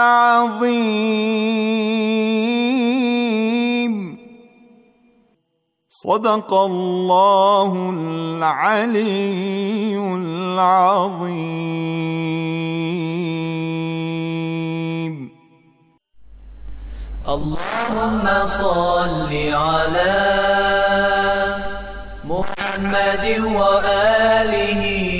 العظيم صدق الله العلي العظيم اللهم صل على محمد وآله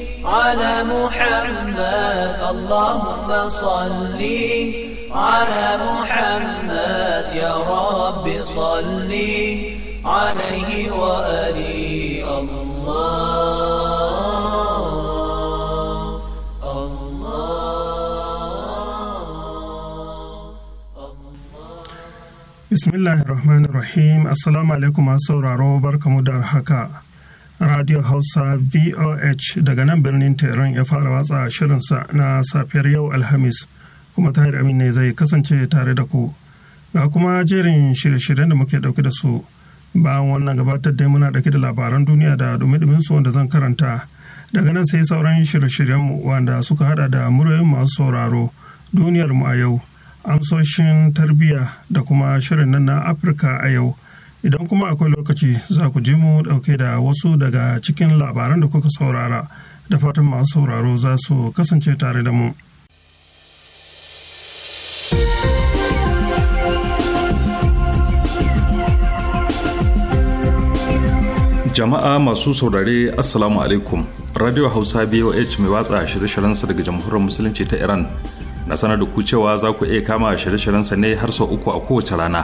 على محمد اللهم صل على محمد يا رب صل عليه وآله الله الله بسم الله الرحمن الرحيم السلام عليكم أصور radio hausa voh daga nan birnin tehran ya fara watsa shirinsa na safiyar yau alhamis kuma tahir amin ne zai kasance tare da ku ga kuma jerin shirye-shiryen da muke ɗauki da su bayan wannan gabatar da muna dauke da labaran duniya da dumi su wanda zan karanta daga nan sai sauran shirye-shiryenmu wanda suka hada da muryoyin masu sauraro duniyar mu a yau amsoshin tarbiyya da kuma shirin nan na afirka a yau Idan kuma akwai lokaci za ku ji mu ɗauke da wasu daga cikin labaran da kuka saurara da fatan masu sauraro za su kasance tare da mu. jama'a masu saurare assalamu alaikum radio hausa boh mai watsa shirye shiryen sa daga jamhuriyar musulunci ta iran na sanar da ku cewa za ku iya kama shirye shiryen sa ne har sau uku a kowace rana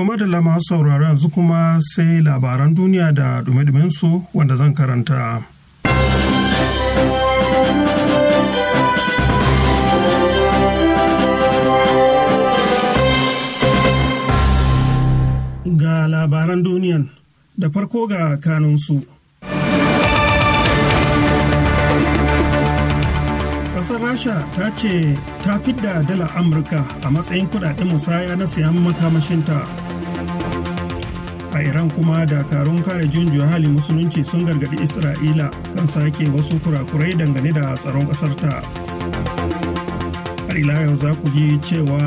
To madalla masu sauraro yanzu kuma sai labaran duniya da dume su wanda zan karanta. Ga labaran duniyan da farko ga kanunsu. Ƙasar Rasha ta ce ta fidda dala Amurka a matsayin kudaden musaya na sayan makamashinta. a iran kuma dakarun kare junju hali musulunci sun gargaɗi isra'ila kan sake wasu kurakurai dangane da tsaron ƙasar ta ila yau za ku ji cewa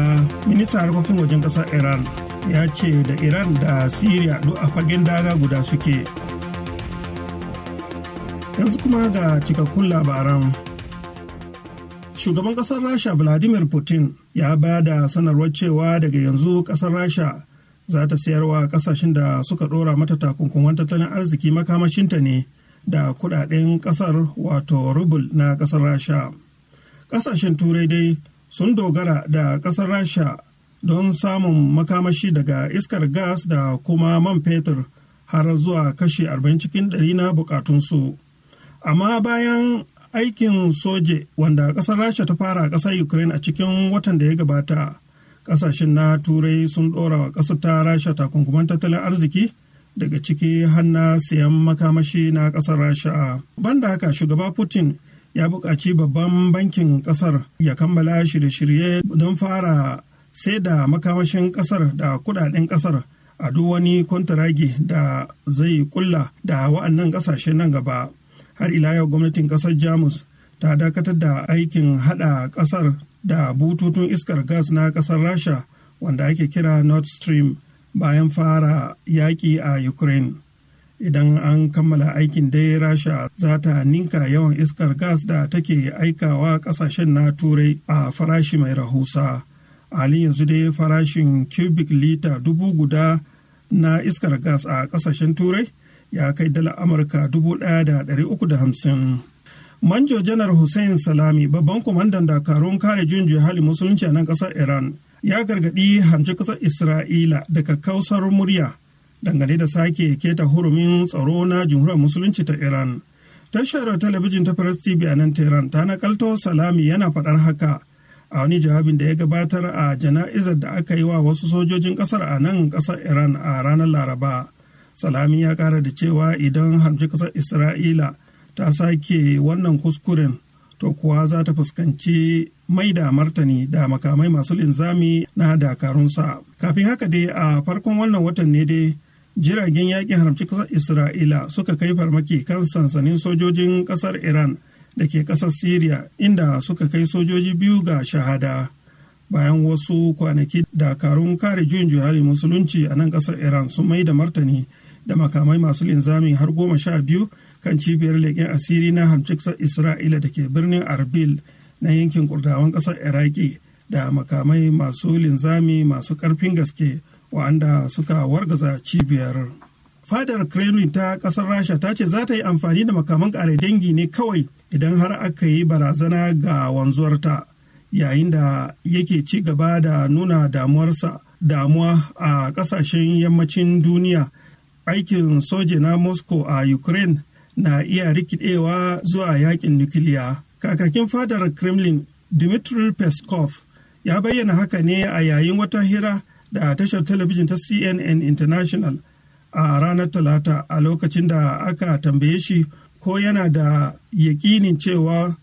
minista harkokin wajen ƙasar iran ya ce da iran da syria duk a fagen daga guda suke yanzu kuma ga cikakkun labaran shugaban ƙasar rasha vladimir putin ya ba da sanarwar cewa daga yanzu ƙasar rasha za ta sayarwa kasashen da suka ɗora mata takunkuman tattalin arziki makamashinta ne da kudaden kasar wato rubul na kasar rasha kasashen turai dai sun dogara da kasar rasha don samun makamashi daga iskar gas da kuma man fetur har zuwa kashi 40 cikin 100 na bukatunsu amma bayan aikin soje wanda kasar rasha ta fara kasar ukraine a cikin watan da ya gabata kasashen na turai sun ɗora wa ƙasar ta rasha takunkuman tattalin arziki daga ciki hanna siyan makamashi na kasar rasha banda haka shugaba putin ya buƙaci babban bankin kasar ya kammala shirye-shirye don fara sai da makamashin kasar da kudaden kasar a duk wani kwantaragi da zai kulla da wa'annan kasashe nan gaba har ila yau gwamnatin kasar jamus ta dakatar da aikin hada kasar. da bututun iskar gas na kasar rasha wanda ake kira nord stream bayan fara yaƙi a ukraine idan an kammala aikin dai rasha za ta ninka yawan iskar gas da take aikawa ƙasashen na turai a farashi mai rahusa halin yanzu dai farashin cubic lita dubu guda na iskar gas a ƙasashen turai ya kai dala amurka dubu ɗaya da ɗari uku da hamsin manjo janar hussein salami babban kwamandan dakarun kare juyin hali musulunci a nan ƙasar iran ya gargaɗi hanci ƙasar isra'ila daga kausar murya dangane da sake keta hurumin tsaro na jamhuriyar musulunci ta iran tashar talabijin ta press tv a nan tehran ta nakalto salami yana faɗar haka a wani jawabin da ya gabatar a jana'izar da aka yi wa wasu sojojin ƙasar a nan ƙasar iran a ranar laraba salami ya ƙara da cewa idan hanci ƙasar isra'ila ta sake wannan kuskuren to kuwa za ta fuskanci mai da martani da makamai masu linzami na dakarunsa kafin haka dai a farkon wannan watan ne dai jiragen yakin haramci kasar isra'ila suka kai farmaki kan sansanin sojojin ƙasar iran da ke ƙasar syria inda suka kai sojoji biyu ga shahada bayan wasu kwanaki dakarun kare juyin juhari musulunci a nan ƙasar iran sun mai da martani da makamai masu linzami har goma sha biyu kan cibiyar leƙen asiri na hamshiksar isra'ila da ke birnin arbil na yankin kurdawan ƙasar iraki da makamai masu linzami masu ƙarfin gaske wa'anda suka wargaza cibiyar fadar kremlin ta ƙasar rasha ta ce za ta yi amfani da makaman ƙare dangi ne kawai idan har aka yi barazana ga wanzuwarta yayin da yake ci gaba da nuna damuwarsa damuwa a ƙasashen yammacin duniya aikin soja na moscow a ukraine na iya rikidewa zuwa yakin nukiliya kakakin fadar kremlin dmitry peskov ya bayyana haka ne a yayin wata hira da tashar talabijin ta cnn international a ranar talata a lokacin da aka tambaye shi ko yana da yakinin cewa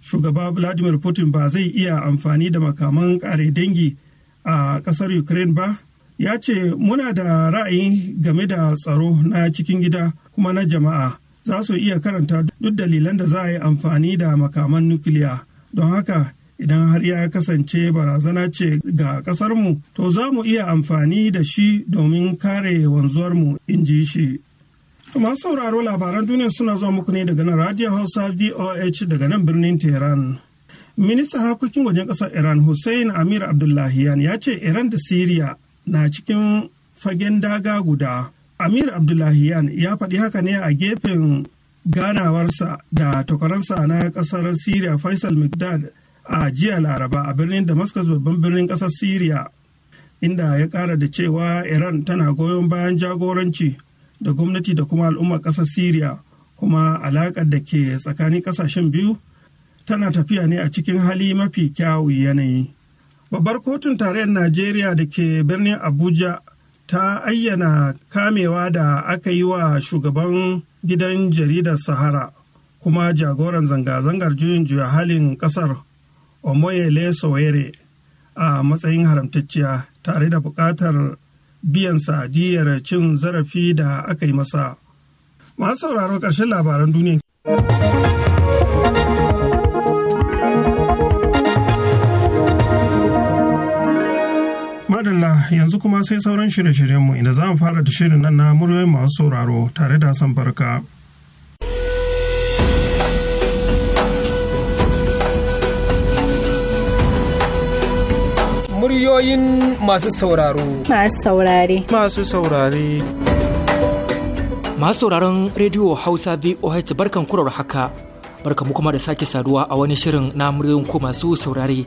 shugaba vladimir putin ba zai iya amfani da makaman kare dangi a kasar ukraine ba ya ce muna da ra'ayi game da tsaro na cikin gida kuma na jama'a za su iya karanta duk dalilan da za a yi amfani da makaman nukiliya don haka idan har ya kasance barazana ce ga ƙasarmu to za mu iya amfani da shi domin kare wanzuwarmu in ji shi masu sauraro labaran duniya suna zuwa muku ne daga nan radio hausa voh daga nan birnin tehran ministan harkokin wajen ƙasar iran hussein amir abdullahian ya ce iran da syria na cikin fagen daga guda amir abdullahiyan ya faɗi haka ne a gefen ganawarsa da takwaransa na ƙasar syria faisal Mikdad a jiya laraba a birnin damascus babban birnin ƙasar syria inda ya ƙara da cewa iran tana goyon bayan jagoranci da gwamnati da kuma al'ummar ƙasar syria kuma alaƙar da ke tsakanin ƙasashen biyu tana tafiya ne a cikin hali mafi kyawu yanayi babbar kotun tarayyar najeriya da ke birnin abuja ta ayyana kamewa da aka yi wa shugaban gidan jaridar sahara kuma jagoran zanga-zangar juyin juya halin kasar omoyele sowore a matsayin haramtacciya tare da buƙatar biyan sadiyar cin zarafi da aka yi masa masu sauraro ƙarshen labaran duniya madalla yanzu kuma sai sauran shirye-shiryenmu inda za mu fara da shirin nan na muryoyin masu sauraro tare da san barka. Muryoyin masu sauraro. Masu saurare. Masu saurare. Masu sauraron rediyo Hausa VOH barkan kurar haka. Barkan mu kuma da sake saduwa a wani shirin na muryoyin ko masu saurare.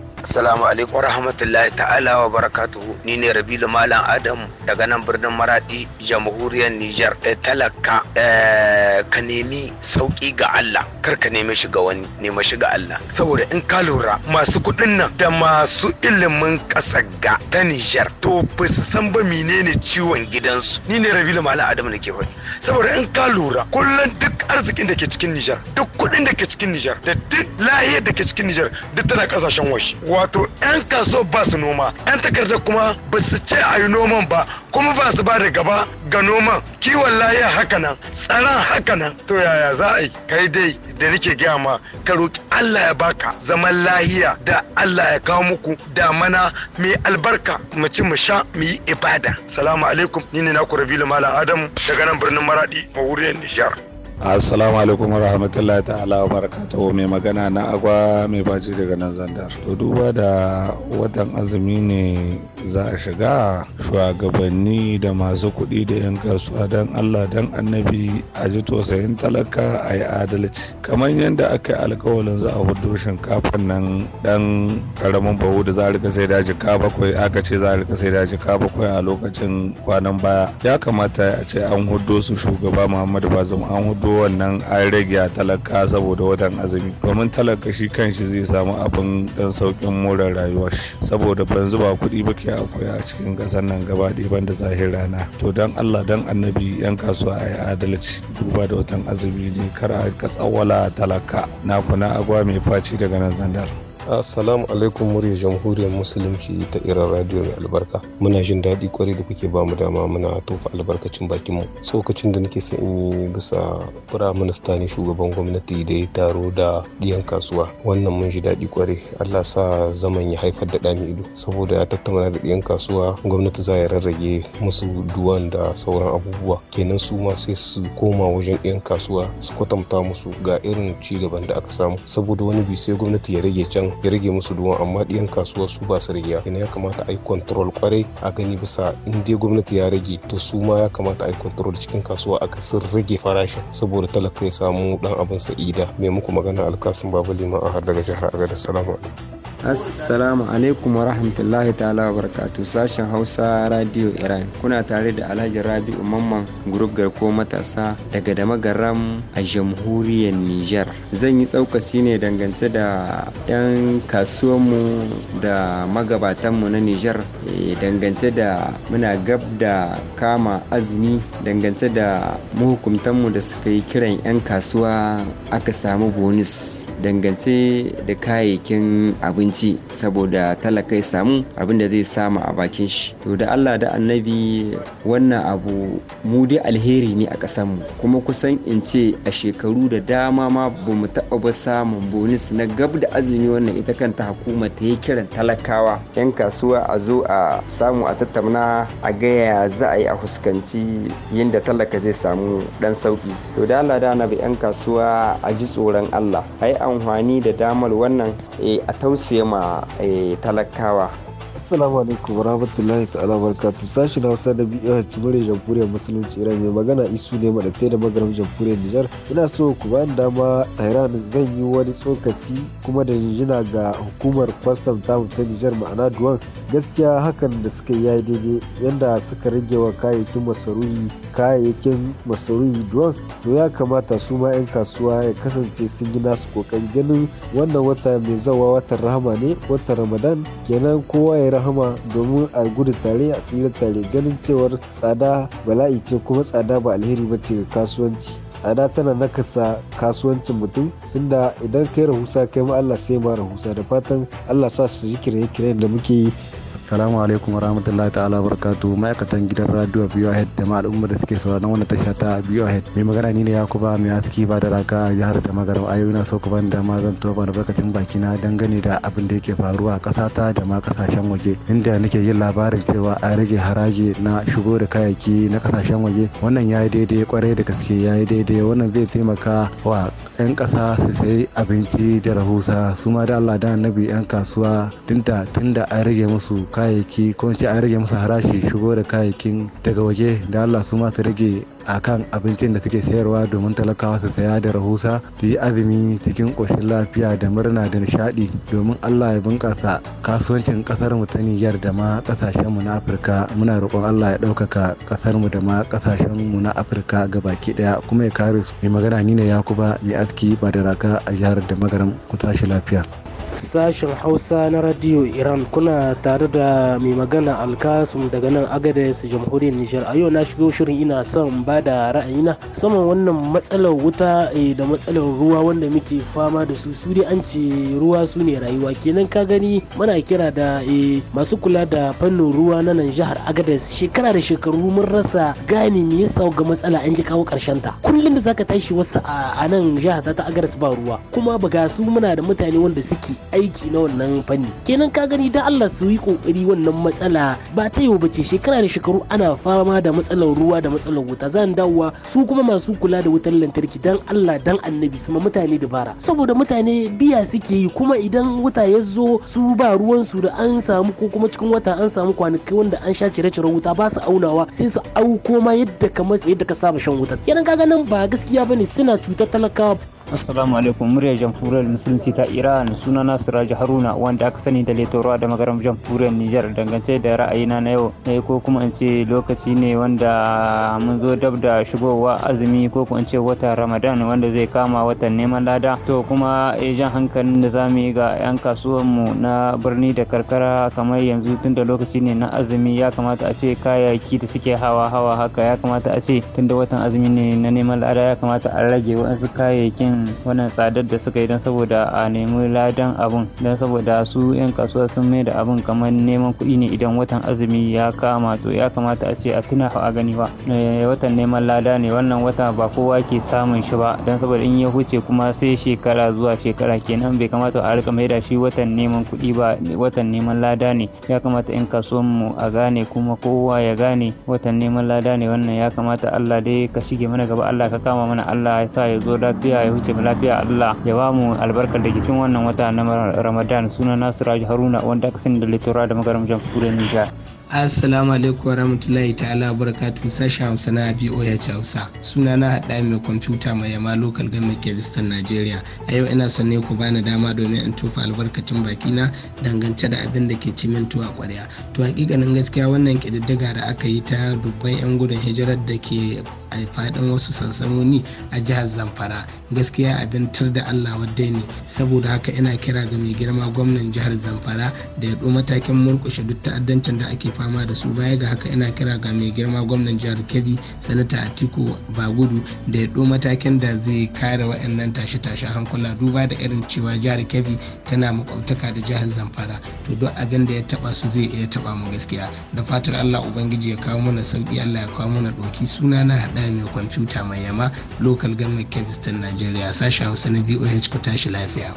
Assalamu alaikum warahmatullahi ta'ala wa barakatuhu ni ne Rabilu Malam Adam daga nan birnin Maradi jamhuriyar Nijar e talaka eh, ka nemi sauki ga Allah kar ka nemi shi ga wani nemi shi ga Allah saboda in ka lura masu kuɗin nan da masu ilimin ƙasar ga ta Nijar to ba su san ba menene ciwon gidansu ni ne Rabilu Malam Adam da ke faɗi saboda in ka lura kullum duk arzikin da ke cikin Nijar duk kuɗin da ke cikin Nijar da duk lahiyar da ke cikin Nijar duk tana ƙasashen washe. wato 'yan kaso ba su noma 'yan takarda kuma ba su ce a yi noman ba kuma ba su ba da gaba ga noman kiwon layi haka nan tsaron haka nan to yaya za a yi kai dai da nake gaya ma ka roki Allah ya baka zaman lahiya da Allah ya kawo muku da mana mai albarka mu ci mu sha mu yi ibada salamu alaikum ni ne naku Rabilu Malam Adamu daga nan birnin maraɗi a wurin Nijar assalamu alaikum rahmatullahi ta'ala wa barakatuhu mai magana na agwa mai baci daga nan zandar to duba da watan azumi ne za a shiga shugabanni da masu kuɗi da 'yan kasuwa don allah don annabi a ji tosayin talaka a yi adalci kamar yadda aka yi alkawalin za a hudu shinkafan nan dan karamin bahu da za a rika sai da jika bakwai aka ce za a rika sai da jika bakwai a lokacin kwanan baya ya kamata a ce an hudu su shugaba muhammadu bazum an hudo Ko wannan an rage a talaka saboda watan azumi domin talaka shi kanshi zai samu abin dan saukin more rayuwa shi saboda ban zuba kuɗi ba ke akwai a cikin ƙasar nan gaba ɗaya ban da zahir rana to dan Allah dan annabi yan kasuwa a yi adalci duba da watan azumi ne kar a kasawala talaka na kuna agwa mai faci daga nan zandar. Assalamu alaikum murya jamhuriyar musulunci ta irin radio mai albarka. Muna jin daɗi kwarai da kuke bamu dama muna tofa albarkacin bakin mu. Tsokacin da nake son yi bisa fura minista ne shugaban gwamnati da ya taro da ɗiyan kasuwa. Wannan mun ji daɗi kwarai. Allah sa zaman ya haifar da ɗami ido. Saboda ya tattauna da ɗiyan kasuwa gwamnati za ya rarrage musu duwan da sauran abubuwa. Kenan su ma sai su koma wajen ɗiyan kasuwa su kwatanta musu ga irin ci cigaban da aka samu. Saboda wani bi sai gwamnati ya rage can ya rage musu duwan amma ɗiyan kasuwa su ba su rigiya ina ya kamata a yi control kwarai a gani bisa in dai gwamnati ya rage to su ma ya kamata a yi control cikin kasuwa a kasar rage farashin saboda talaka ya samu dan abin sa'ida mai muku magana alkasun liman a har daga jihar agada salamu alaikum assalamu alaikum wa rahmatullahi ta'ala wa barakatu sashen hausa radio iran kuna tare da alhaji rabi'u mamman grup garko matasa daga damagaram a jamhuriyar niger zan yi tsaukasi ne dangance da 'yan kasuwanmu da magabatanmu na niger eh, dangance da muna gab da kama azumi dangance da mahukuntanmu da suka yi kiran 'yan kasuwa aka samu bonus dangance da kayayyakin abinci abinci saboda talaka ya samu abin da zai samu a bakin shi to da Allah da annabi wannan abu mu dai alheri ne a ƙasanmu kuma kusan in ce a shekaru da dama ma ba mu taɓa ba samun bonus na gab da azumi wannan ita kanta hukuma ta yi kiran talakawa 'yan kasuwa a zo a samu a tattauna a gaya za a yi a fuskanci yadda talaka zai samu ɗan sauki to da Allah da annabi 'yan kasuwa a ji tsoron Allah a yi amfani da damar wannan eh, a tausaya ma eh, talakawa Assalamu alaikum warahmatullahi ta'ala barakatuh sashi na Hausa da BIH Cimare Jamhuriyar Musulunci Iran mai magana isu ne madatai da magaram Jamhuriyar Nijar. Ina so ku bani dama Tehran zan yi wani tsokaci kuma da jinjina ga hukumar kwastam ta ta Nijar ma'ana duwan gaskiya hakan da suka yi yayi daidai yadda suka rage wa kayayyakin masarui kayayyakin masarufi duwan to ya kamata su ma 'yan kasuwa ya kasance sun yi nasu kokari ganin wannan wata mai zawa watan rahama ne watan Ramadan kenan kowa ya rahama domin a gudu tare a tsira tare ganin cewar tsada bala'i ce kuma tsada ba alheri ba ce kasuwanci tsada tana nakasa kasuwancin mutum da idan kai rahusa kai ma Allah sai ma rahusa da fatan Allah sa su ji kiraye-kirayen da muke yi Salamu alaikum warahmatullahi ta'ala barakatu ma'aikatan gidan radio a da ma al'umma da suke sauraron wannan tasha ta Head. Mai magana ni ne Yakuba mai aski ba da raka a jihar da magaram ayoyi na so ku ban dama zan tofa albarkacin bakina dangane da abin da yake faruwa a ta da ma ƙasashen waje inda nake yin labarin cewa a rage haraji na shigo da kayayyaki na ƙasashen waje wannan ya yi daidai kwarai da gaske ya yi daidai wannan zai taimaka wa 'yan ƙasa su sayi abinci da rahusa su ma da Allah da annabi 'yan kasuwa tunda tunda an rage musu kayayyaki ko ce an rage musu harashi shigo da kayayyakin daga waje da Allah su ma su rage kan abincin da suke sayarwa domin talakawa su saya da rahusa su yi azumi cikin ƙoshin lafiya da murna da nishaɗi domin Allah ya bunƙasa kasuwancin ƙasar mu ta da ma ƙasashen mu na Afirka muna roƙon Allah ya ɗaukaka ƙasar mu da ma ƙasashen mu na Afirka baki ɗaya kuma ya kare su mai magana ni ne Yakuba mai aski ba da raka a jihar da magaram ku tashi lafiya. sashen hausa na radio iran kuna tare da mai magana alkasum daga nan agadez jamhuriyar nijar a yau na shigo shirin ina son ba da ra'ayina saman wannan matsalar wuta eh, da matsalar ruwa wanda muke fama da su su dai an ce ruwa su ne rayuwa kenan ka gani muna kira da eh, masu kula da fannin ruwa na nan jihar agadez shekara da shekaru mun rasa gane me yasa ga matsala an ji kawo karshen ta kullum da zaka tashi wasu a nan jihar ta agadez ba ruwa kuma ba ga su muna da mutane wanda suke aiki na wannan fanni kenan ka gani dan Allah su yi kokari wannan matsala ba ta yau bace shekara da shekaru ana fama da matsalar ruwa da matsalar wuta zan dawowa su kuma masu kula da wutar lantarki dan Allah dan annabi su ma mutane dabara saboda mutane biya suke yi kuma idan wuta ya zo su ba ruwan su da an samu ko kuma cikin wata an samu kwanaki wanda an sha cire-cire wuta ba su aunawa sai su auko ma yadda kamar yadda ka saba shan wuta kenan kaga nan ba gaskiya bane suna cutar talakawa Assalamu alaikum muryar jamhuriyar musulunci ta Iran suna na Haruna wanda aka sani da letorwa da magaram jamhuriyar niger dangance da ra'ayina na yau na ko kuma in ce lokaci ne wanda mun zo dab da shigowa azumi ko kuma in ce wata Ramadan wanda zai kama watan neman lada to kuma eh, jan hankalin da za yi ga 'yan mu na birni da karkara kamar yanzu tun lokaci ne na azumi ya kamata a ce kayayyaki da suke hawa hawa haka ya kamata a ce tun watan azumi ne na neman lada ya kamata a rage wasu kayayyakin wannan tsadar da suka yi don saboda a nemi ladan abun don saboda su 'yan kasuwa sun mai da abun kamar neman kuɗi ne idan watan azumi ya kama to ya kamata a ce a tuna a gani ba eh, watan neman lada ne wannan wata ba kowa ke samun shi ba don saboda in ya huce kuma sai shekara zuwa shekara kenan bai kamata a rika mai da shi watan neman kuɗi ba watan neman lada ne ya kamata 'yan kasuwan mu a gane kuma kowa ya gane watan neman lada ne wannan ya kamata Allah dai ka shige mana gaba Allah ka kama mana Allah ya sa ya zo lafiya ya huce ce mu lafiya Allah ya ba mu albarka da ke wannan wata na Ramadan suna Nasiru Haruna wanda aka sani da Littora da magaram Jamhuriyar Nijar. Assalamu alaikum wa rahmatullahi ta'ala barakatun sashen Hausa na BOH Hausa. Suna na haɗa mai kwamfuta mai yama lokal game kiristan Najeriya. A yau ina son ne ku bani dama domin in tofa albarkacin baki na dangance da abin da ke ci mintuwa kwarya. To hakikanin gaskiya wannan ƙididdiga da aka yi ta dubban 'yan gudun hijirar da ke a faɗin wasu sansanoni a jihar Zamfara. Gaskiya abin tur da Allah wadda ne saboda haka ina kira ga mai girma gwamnan jihar Zamfara da ya ɗo matakin murƙushe duk ta'addancin da ake fama da su baya ga haka ina kira ga mai girma gwamnan jihar kebbi sanata atiku gudu da ya ɗo matakin da zai kare waɗannan tashe-tashe hankula duba da irin cewa jihar kebbi tana makwabtaka da jihar zamfara to duk abin da ya taba su zai iya taba mu gaskiya da fatar allah ubangiji ya kawo mana sauki allah ya kawo mana ɗoki suna na haɗa mai kwamfuta mai yama local government kebbi ta nigeria sashen hausa na boh ku tashi lafiya.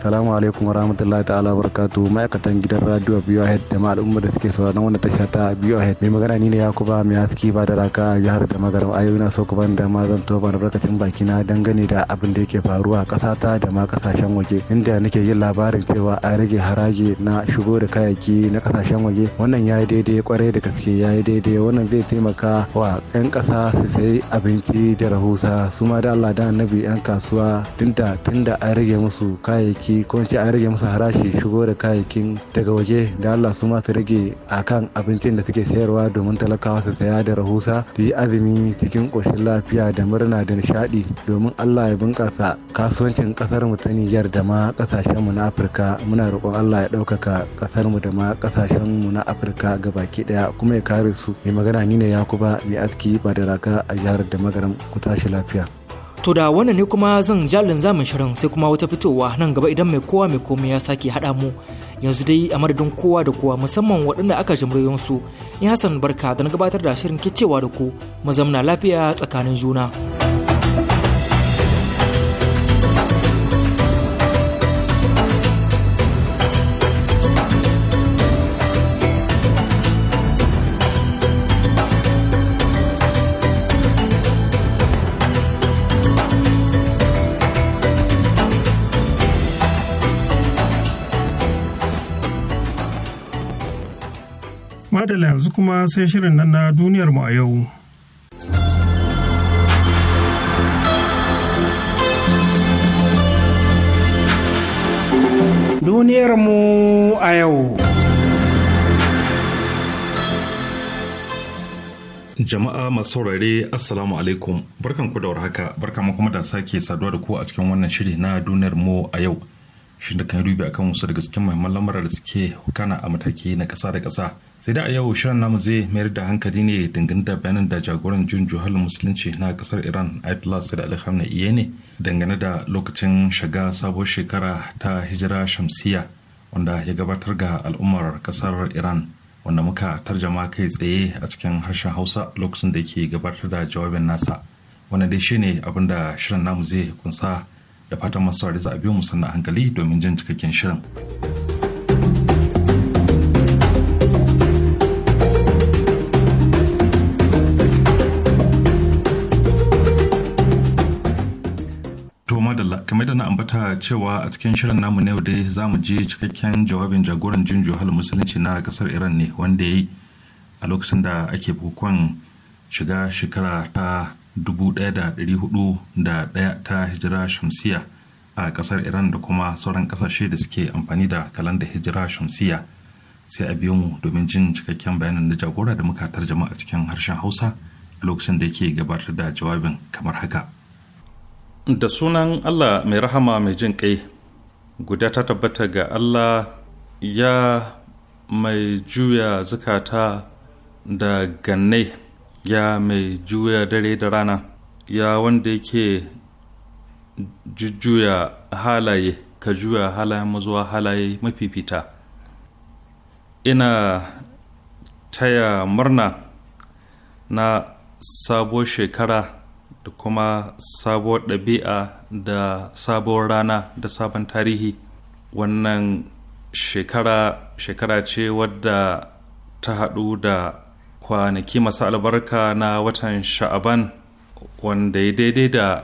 salamu alaikum wa rahmatullahi ta'ala barakatu ma'aikatan gidan radio biyu ahead da ma'al'umma da suke wanda ta tasha ta biyu ahead mai magana ni ne yakuba mai haski ba da raka a jihar da magaram ayoyi na so ku bani ma zan toba albarkacin baki na dangane da abin da yake faruwa a ta da ma ƙasashen waje inda nake yin labarin cewa a rage haraji na shigo da kayayyaki na ƙasashen waje wannan ya yi daidai kwarai da gaske ya yi daidai wannan zai taimaka wa 'yan ƙasa su sayi abinci da rahusa su ma da allah da annabi 'yan kasuwa tunda tunda an rage musu kayayyaki kayayyaki ko ce an rage musu harashi shigo da kayayyakin daga waje da Allah su ma su rage akan abincin da suke sayarwa domin talakawa su saya da rahusa su yi azumi cikin koshin lafiya da murna da nishaɗi domin Allah ya bunƙasa kasuwancin kasar mu ta Nijar da ma kasashen mu na Afirka muna roƙon Allah ya ɗaukaka kasarmu mu da ma kasashen mu na Afirka gabaki ɗaya kuma ya kare su mai magana ni ne Yakuba mai aski ba da raka a jihar da magaram ku tashi lafiya. To da wannan ne kuma zan jalin zamin shirin sai kuma wata fitowa nan gaba idan mai kowa mai komai ya sake haɗa mu yanzu dai a madadin kowa da kowa musamman waɗanda aka jimriyon su yi Hassan Barka da na gabatar da shirin kicewa da ku mu zamna lafiya tsakanin juna. Madala yanzu kuma sai shirin nan na duniyar mu a yau. Duniyar mu a yau. Jama'a masu saurare Assalamu alaikum barkan ku da warhaka barkan kuma da sake saduwa da ku a cikin wannan shiri na duniyar mu a yau. shi da kan rubi akan wasu daga cikin muhimman lamura da suke kana a mataki na ƙasa da kasa. sai da a yau shirin namu zai mayar da hankali ne dangane da bayanan da jagoran jin juhal musulunci na ƙasar iran ayatollah sayyid ali khamenei ne dangane da lokacin shiga sabuwar shekara ta hijira shamsiya wanda ya gabatar ga al'ummar ƙasar iran wanda muka tarjama kai tsaye a cikin harshen hausa lokacin da yake gabatar da jawabin nasa wannan dai shine abin da shirin namu zai kunsa da fatan masu saurari za a biyo mu sannan hankali domin jan cikakken shirin. kamar da na ambata cewa a cikin shirin namu na yau dai za mu je cikakken jawabin jagoran jin juhal musulunci na kasar iran ne wanda ya yi a lokacin da ake bukukuwan shiga shekara ta 1401 ta hijira shamsiya a kasar iran da kuma sauran kasashe da suke amfani da da hijira shamsiya sai a biyo mu domin jin cikakken bayanan da jagora da muka tarjama a cikin harshen hausa a lokacin da yake gabatar da jawabin kamar haka da sunan allah mai rahama mai jin kai guda ta tabbata ga allah ya mai juya zukata da gannai ya mai juya dare da rana ya wanda yake jujjuya halaye ka juya halayen mazuwa halaye mafifita ina taya murna na sabuwar shekara da kuma sabuwar ɗabi'a da sabuwar rana da sabon tarihi wannan shekara shekara ce wadda ta haɗu da kwanaki masu albarka na watan sha'aban wanda ya daidai da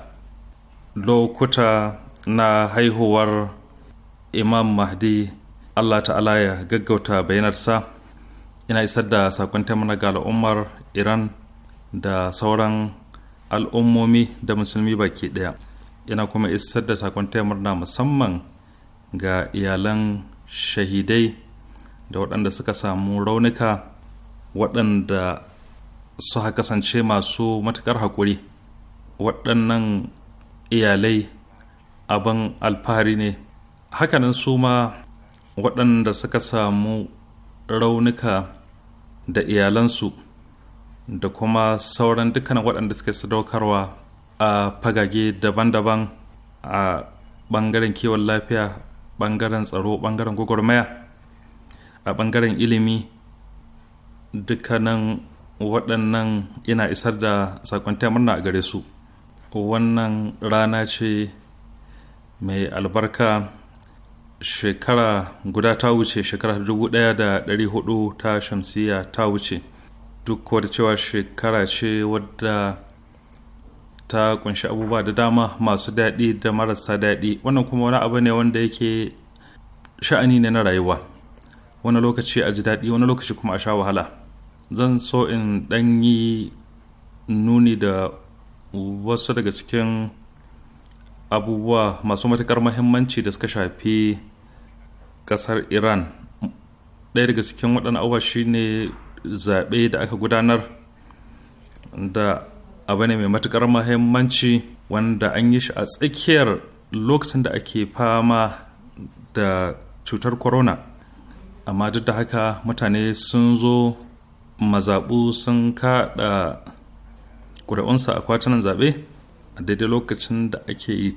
lokuta na haihuwar imam mahdi allah ta'ala ya gaggauta bayanarsa ina isar da sakon taimana ga al'ummar iran da sauran al'ummomi da musulmi baki ɗaya. ina kuma isar da sakon na musamman ga iyalan shahidai da waɗanda suka samu raunuka waɗanda suka kasance masu matuƙar haƙuri waɗannan iyalai abin alfahari ne hakanan su ma waɗanda suka samu raunuka da iyalansu da kuma sauran dukkanin waɗanda suke sadaukarwa a fagage daban-daban a ɓangaren kiwon lafiya ɓangaren tsaro ɓangaren gwagwarmaya a ɓangaren ilimi dukkanin waɗannan ina isar da sakon murna a gare su wannan rana ce mai albarka shekara guda ta wuce shekara hudu ta shamsiya ta wuce duk da cewa shekara ce wadda ta kunshi abubuwa da dama masu daɗi da marasa daɗi wannan kuma wani abu ne wanda yake sha'ani ne na rayuwa wani lokaci a ji daɗi wani lokaci kuma a sha wahala zan so in ɗan yi nuni da wasu daga cikin abubuwa masu matuƙar mahimmanci da suka shafi ƙasar iran ɗaya daga cikin waɗannan abubuwa shine zaɓe da aka gudanar da abu ne mai matuƙar mahimmanci wanda an yi shi a tsakiyar lokacin da ake fama da cutar corona amma duk da haka mutane sun zo mazaɓu sun kaɗa ƙuri'unsa a kwatunan zaɓe a daidai lokacin da ake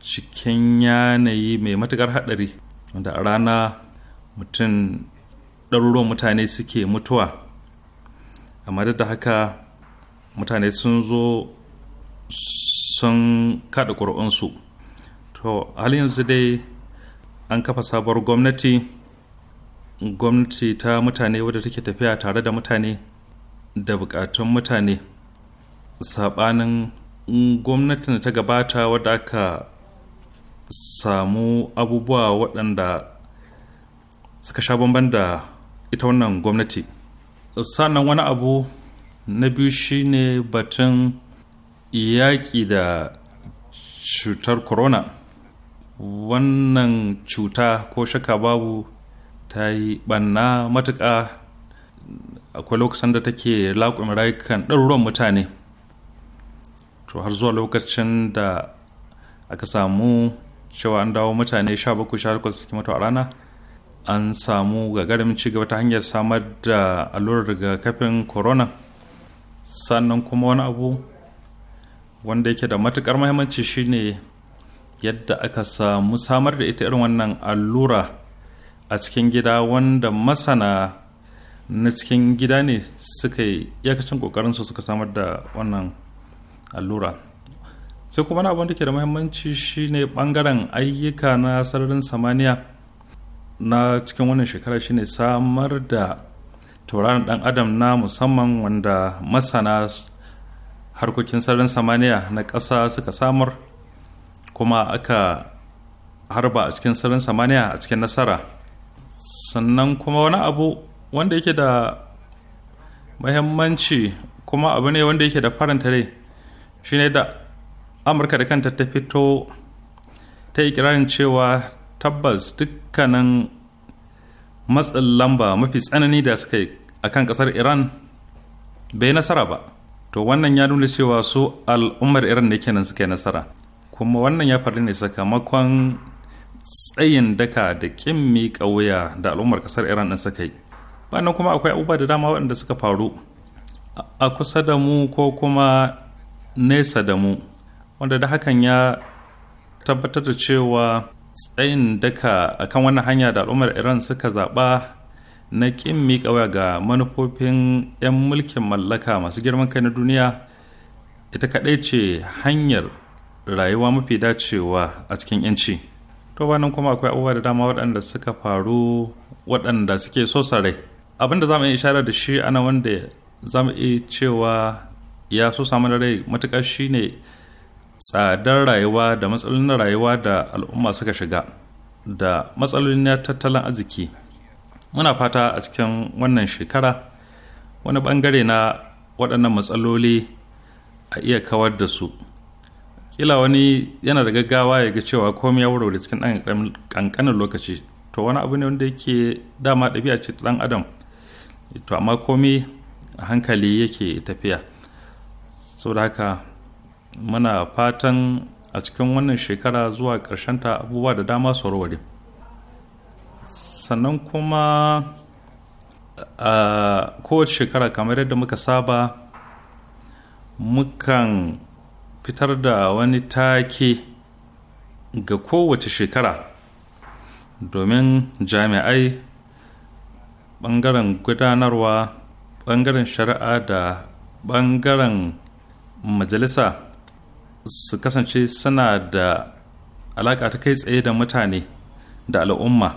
cikin yanayi mai matuƙar haɗari wanda a rana mutum ɗaruruwan mutane suke mutuwa amma duk da haka mutane sun zo sun kaɗa ƙuri'unsu to halin yanzu dai an kafa sabuwar gwamnati gwamnati ta mutane wadda take tafiya tare da mutane da bukatun mutane saɓanin gwamnatin ta gabata wadda aka samu abubuwa waɗanda suka sha bamban da ita wannan gwamnati sannan wani abu na biyu shine batun yaƙi da cutar corona wannan cuta ko shaka babu ta yi banna matuƙa akwai lokacin da take laƙon rayukan ɗaruruwan mutane to har zuwa lokacin da aka samu cewa an dawo mutane 17-18 suke mutu a rana an samu gagarumin gaba ta hanyar samar da allurar kafin corona sannan kuma wani abu wanda yake da matukar mahimmanci shine yadda aka samu samar da ita irin wannan allura a cikin gida wanda masana na cikin gida ne suka yi iyakacin kokarin su suka samar da wannan allura sai kuma na da ke da muhimmanci shine bangaren ayyuka na sararin samaniya na cikin wannan shekara shine samar da tauraron dan adam na musamman wanda masana harkokin sararin samaniya na ƙasa suka samar kuma aka harba a cikin sararin samaniya a cikin nasara sannan kuma wani abu wanda yake da mahimmanci kuma abu ne wanda yake da faranta rai shine da amurka da kanta ta fito ta yi ikirarin cewa tabbas dukkanin matsin lamba mafi tsanani da suka yi a kan kasar iran bai nasara ba to wannan ya nuna cewa su al'ummar iran ne kenan suka yi nasara kuma wannan ya faru ne sakamakon tsayin daka da kin miƙa wuya da al'ummar ƙasar iran ɗin suka yi bayan kuma akwai abubuwa da dama waɗanda suka faru a kusa da mu ko kuma nesa da mu wanda da hakan ya tabbatar da cewa tsayin daka akan wannan hanya da al'ummar iran suka zaɓa na ƙin miƙa wuya ga manufofin 'yan mulkin mallaka masu girman kai na duniya ita kaɗai ce hanyar rayuwa mafi dacewa a cikin 'yanci. to nan kuma akwai abubuwa da dama waɗanda suka faru waɗanda suke so sarai abinda za mu iya ishara da shi ana wanda za mu iya cewa ya so samu da rai matuƙar shine tsadar rayuwa da matsalolin rayuwa da al'umma suka shiga da matsalolin na tattalin arziki muna fata a cikin wannan shekara wani bangare na waɗannan matsaloli a iya kawar da su kila wani yana da gaggawa ya ga cewa komai ya warware cikin ɗan ƙanƙanin lokaci to wani abu ne wanda yake dama ɗabi'a ce ta ɗan adam to amma komai a hankali yake tafiya saboda haka muna fatan a cikin wannan shekara zuwa ta abubuwa da dama su warware sannan kuma a kowace shekara kamar yadda muka saba mukan fitar da wani take ga kowace shekara domin jami'ai ɓangaren gudanarwa ɓangaren shari'a da ɓangaren majalisa su kasance suna da alaƙa ta kai tsaye da mutane da al'umma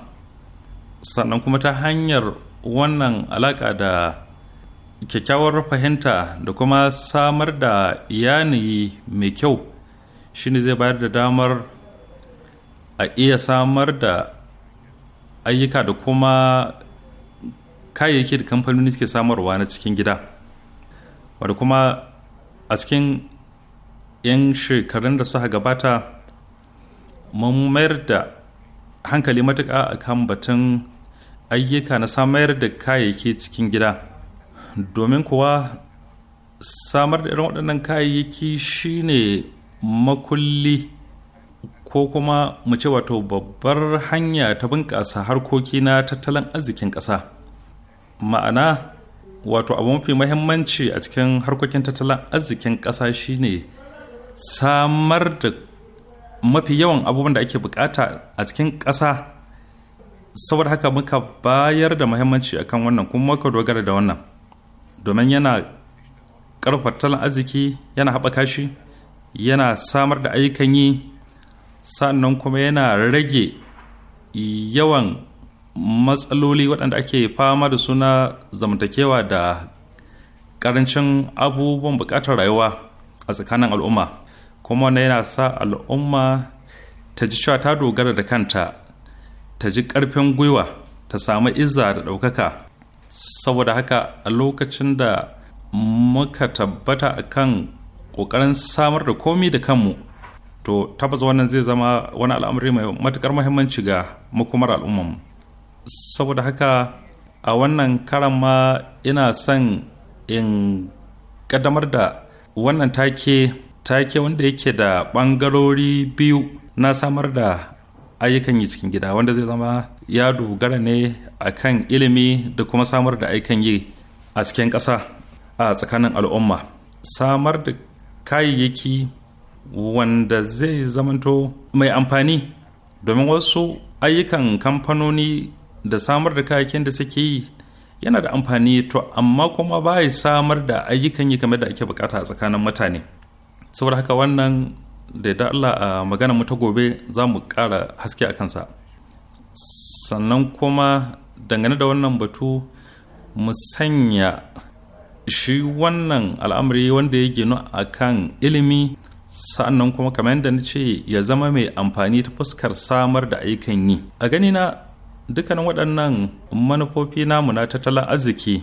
sannan kuma ta hanyar wannan alaƙa da kyakkyawar fahimta da kuma samar da yanayi mai kyau shine zai bayar da damar a iya samar da ayyuka da kuma kayayyaki da kamfanoni suke samarwa na cikin gida wadda kuma a cikin 'yan shekarun da suka gabata mun mayar da hankali matuka a kan batun ayyuka na samar da kayayyaki cikin gida domin kuwa samar da irin waɗannan kayayyaki shine makulli ko kuma mu ce wato babbar hanya ta bunƙasa harkoki na tattalin arzikin ƙasa ma'ana wato abu mafi mahimmanci a cikin harkokin tattalin arzikin ƙasa shine samar da mafi yawan abubuwan da ake bukata a cikin ƙasa saboda haka muka bayar da mahimmanci akan wannan kuma muka dogara da wannan domin yana ƙarfafa tattalin arziki yana haɓaka shi yana samar da ayyukan yi sannan kuma yana rage yawan matsaloli waɗanda ake fama da suna zamantakewa da ƙarancin abubuwan buƙatar rayuwa a tsakanin al'umma kuma wannan yana sa al'umma ta ji cewa ta dogara da kanta ta ji ƙarfin gwiwa ta samu izza da ɗaukaka saboda haka a lokacin da muka tabbata a kan ƙoƙarin samar da komi da kanmu to tabbas wannan zai zama wani al'amari mai matuƙar muhimmanci ga makomar al'ummanmu saboda haka a wannan karan ma ina son in ƙaddamar da wannan take take wanda yake da ɓangarori biyu na samar da ayyukan yi cikin gida wanda zai zama ya dogara ne a kan ilimi da kuma samar da aikin yi a cikin ƙasa a tsakanin al'umma samar da kayayyaki wanda zai zamanto mai amfani domin wasu ayyukan kamfanoni da samar da kayayyakin da suke yi yana da amfani to amma kuma ba ya samar da ayyukan yi kamar da ake bukata a tsakanin mutane saboda haka wannan da Allah a magana mu ta gobe za mu ƙara haske a kansa sannan kuma dangane da wannan batu mu sanya shi wannan al'amari wanda ya ginu a kan ilimi sa'annan kuma kamar yadda na ce ya zama mai amfani ta fuskar samar da aikan yi a gani na dukkanin waɗannan manufofi namu na tattalin arziki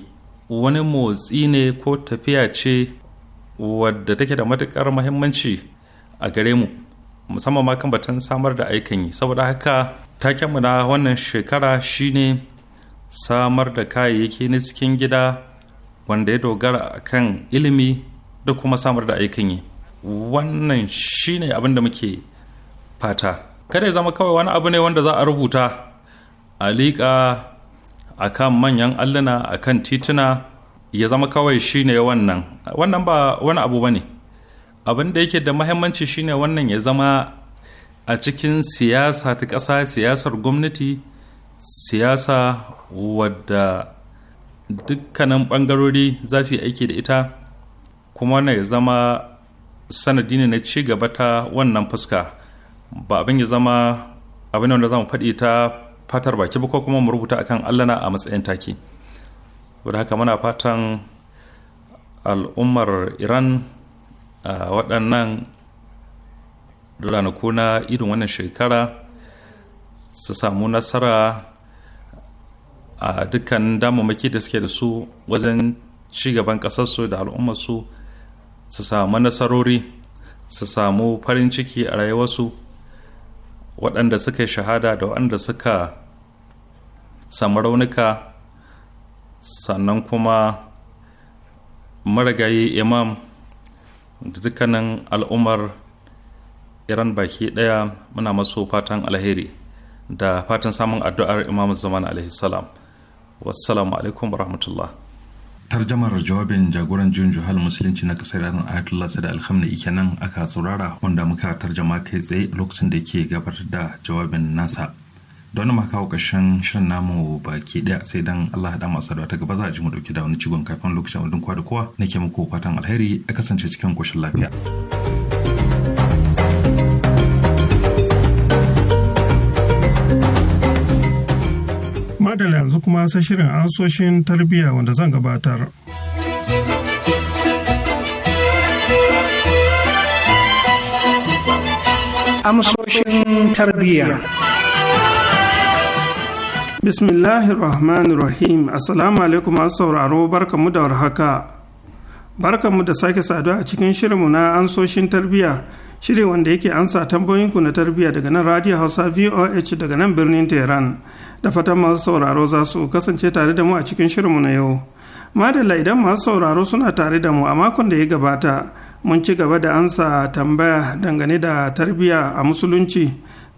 wani motsi ne ko tafiya ce wadda take da matuƙar muhimmanci a gare mu musamman ma kan batun samar da aikan yi saboda haka takenmu na wannan shekara shine samar da kayayyaki na cikin gida wanda ya dogara kan ilimi da kuma samar da aikin yi wannan shine abin da muke fata kada ya zama kawai wani abu ne wanda za a rubuta a liƙa a kan manyan alluna a kan tituna ya zama kawai shine wannan wannan ba wani abu ba ne abin da yake da mahimmanci ne wannan ya zama a cikin siyasa ta ƙasa siyasar gwamnati siyasa wadda dukkanin ɓangarori za su yi aiki da ita kuma na ya zama sanadi ne na ci gaba ta wannan fuska ba abin ya zama abin wanda za mu faɗi ta fatar baki ba ko kuma mu rubuta akan allana a matsayin taki wadda haka muna fatan al'ummar iran a waɗannan ranaku na irin wannan shekara su samu nasara a dukkan damammaki da suke da su wajen cigaban ƙasarsu da al'ummarsu su samu nasarori su samu farin ciki a rayuwarsu waɗanda suka yi shahada da waɗanda suka samu raunuka sannan kuma maragayi imam da dukkanin al'ummar iran baki daya muna maso fatan alheri da fatan samun addu'ar imam zaman alaihi salam wassalamu alaikum rahmatullah tarjamar jawabin jagoran juyin juhal musulunci na kasar iran ayatollah sada alhamdi kenan aka saurara wanda muka tarjama kai tsaye lokacin da ke gabatar da jawabin nasa da wani maka ƙarshen shirin namu baki ɗaya sai dan Allah da masu da ta gaba za a ji mu da wani cigon kafin lokacin wadin kwa da kowa nake muku fatan alheri a kasance cikin koshin lafiya. madala yanzu kuma sai shirin ansoshin tarbiyya wanda zan gabatar. Amsoshin tarbiyya Rahim Assalamu alaikum masu sauraro mu da warhaka. Barkamu da sake saduwa a cikin shirinmu na ansoshin tarbiyya. shirin wanda yake ansa tambayoyinku na tarbiyya daga nan Radio Hausa VOH daga nan birnin Tehran. da fatan masu sauraro za su kasance tare da mu a cikin shirinmu na yau madalla idan masu sauraro suna tare da mu a makon da ya gabata mun ci gaba da ansa tambaya dangane da tarbiyya a musulunci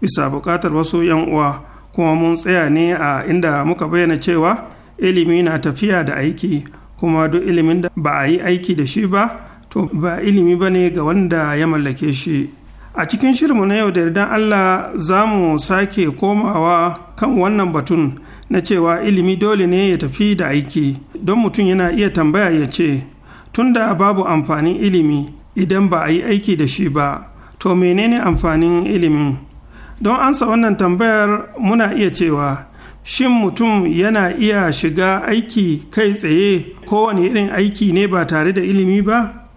bisa buƙatar wasu 'yan uwa kuma mun tsaya ne a inda muka bayyana cewa ilimi na tafiya da aiki kuma duk ilimin da ba a yi aiki da shi ba to ba ilimi ba ne ga wanda ya mallake shi a cikin shirinmu na yau da yardan Allah za mu sake komawa kan wannan batun na cewa ilimi dole ne ya tafi da aiki don mutum yana iya tambaya ya ce tun da babu amfanin ilimi idan ba a yi aiki da shi ba to menene amfanin ilimin don ansa wannan tambayar muna iya cewa shin mutum yana iya shiga aiki kai tsaye kowane irin aiki ne ba tare da ilimi ba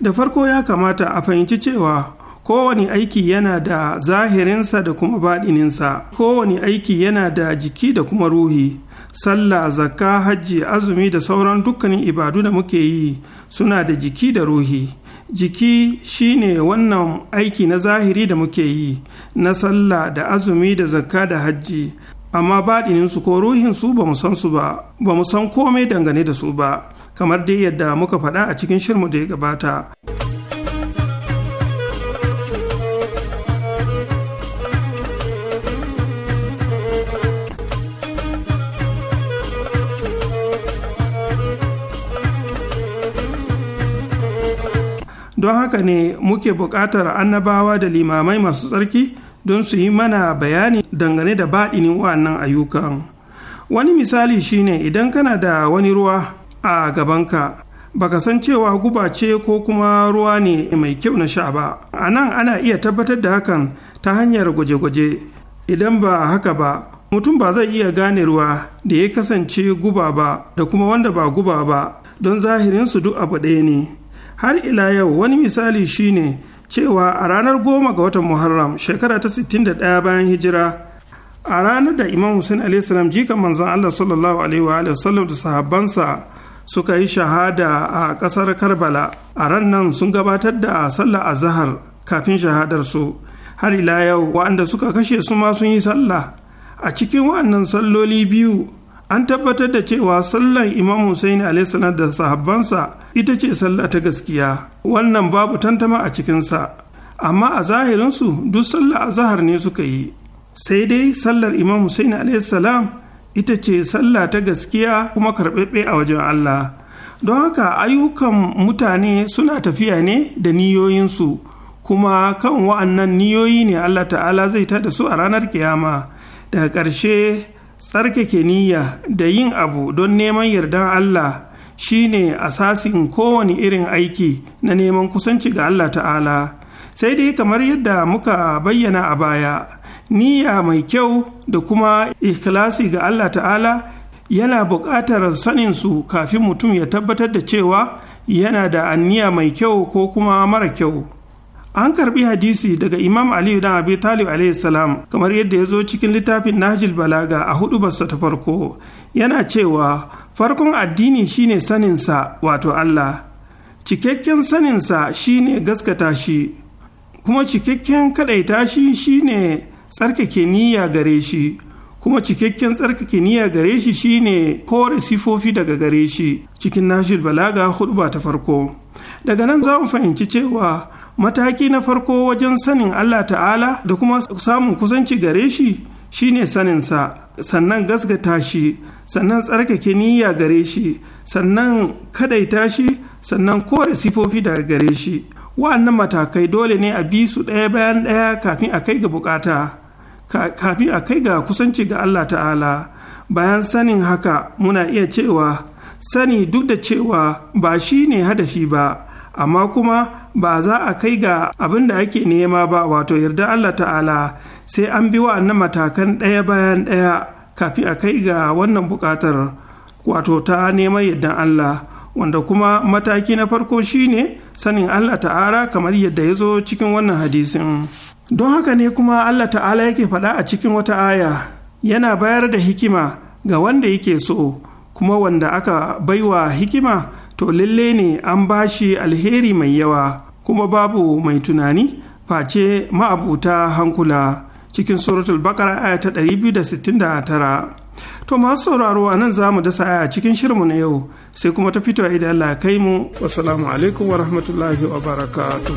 da farko ya kamata a fahimci cewa kowane aiki yana da zahirinsa da kuma baɗininsa kowane aiki yana da jiki da kuma ruhi sallah zakka hajji azumi da sauran dukkanin ibadu da muke yi suna da jiki da ruhi jiki shine wannan aiki na zahiri da muke yi na sallah da azumi da zakka da hajji amma baɗininsu ko ruhinsu ba mu san su ba ba mu san komai dangane da su ba kamar dai yadda muka faɗa a cikin shirmu da ya gabata. don haka ne muke buƙatar annabawa da limamai masu tsarki don su yi mana bayani dangane da baɗinin wa'annan ayyukan wani misali shine idan kana da wani ruwa a gabanka ba ka san cewa guba ce ko kuma ruwa ne mai kyau na sha ba a nan ana iya tabbatar da hakan ta hanyar gwaje-gwaje idan ba haka ba mutum ba zai iya gane ruwa da ya kasance guba ba da kuma wanda ba guba ba don zahirinsu duk abu ɗaya ne har ila yau wani misali shine cewa a ranar goma ga watan muharram shekara ta 61 bayan hijira a ranar da imam hussein alaihi salam jikan manzon allah sallallahu alaihi wa sallam da sahabbansa suka yi shahada a kasar karbala a ran nan sun gabatar da sallah a zahar kafin shahadar su har ila yau waɗanda suka kashe su ma sun yi sallah a cikin waɗannan salloli biyu an tabbatar da cewa sallan imam hussein alaihi da sahabbansa ita ce sallah ta gaskiya wannan babu tantama a cikinsa amma a zahirinsu duk sallah a zahar ne suka yi sai dai sallar imam Hussein alaihissalam ita ce sallah ta gaskiya kuma karɓaɓɓe a wajen Allah don haka ayyukan mutane suna tafiya ne da niyoyinsu kuma kan wa'annan niyoyi ne Allah ta'ala zai tada su a ranar kiyama daga ƙarshe tsarkake niyya da yin abu don neman yardan Allah shine asasin kowane irin aiki na neman kusanci ga Allah ta'ala sai dai kamar yadda muka bayyana a baya niyya mai kyau da kuma ikilasi ga Allah ta'ala yana buƙatar sanin su kafin mutum ya tabbatar da cewa yana da anniya mai kyau ko kuma mara kyau an karbi hadisi daga imam aliyu dan abi talib salam kamar yadda ya zo cikin littafin nahjil balaga a hudu ta farko yana cewa farkon addini shine saninsa wato Allah cikakken saninsa shine gaskata shi kuma cikakken kadaita shi shine tsarkake niyya gare shi kuma cikakken tsarkake niyya gare shi shine kore sifofi daga gare shi cikin nashir balaga ba ta farko daga nan za mu fahimci cewa mataki na farko wajen sanin Allah ta'ala da kuma samun kusanci gare shi shine saninsa sannan gasgata shi sannan tsarkake niyya gare shi sannan kadaita shi sannan kore sifofi daga gare shi wa'annan matakai dole ne a bi su ɗaya bayan ɗaya kafin a kai ga bukata kafin a kai ga kusanci ga Allah ta'ala bayan sanin haka muna iya cewa sani duk da cewa ba shi ne hadafi ba amma kuma ba za a kai ga abin da ake nema ba wato yarda Allah ta'ala sai an bi wa'annan matakan ɗaya bayan ɗaya kafin a kai ga wannan buƙatar wato ta neman yardan Allah wanda kuma mataki na farko shine sanin Allah ta'ala kamar yadda ya zo cikin wannan hadisin don haka ne kuma Allah ta'ala yake faɗa a cikin wata aya yana bayar da hikima ga wanda yake so kuma wanda aka baiwa hikima to lalle ne an ba shi alheri mai yawa kuma babu mai tunani face ma'abuta hankula cikin suratul bakara aya ta 269 to masu sauraro a nan za mu dasa aya cikin shirmu na yau sai kuma ta fito idan Allah kai mu wasalamu alaikum wa rahmatullahi wa barakatu.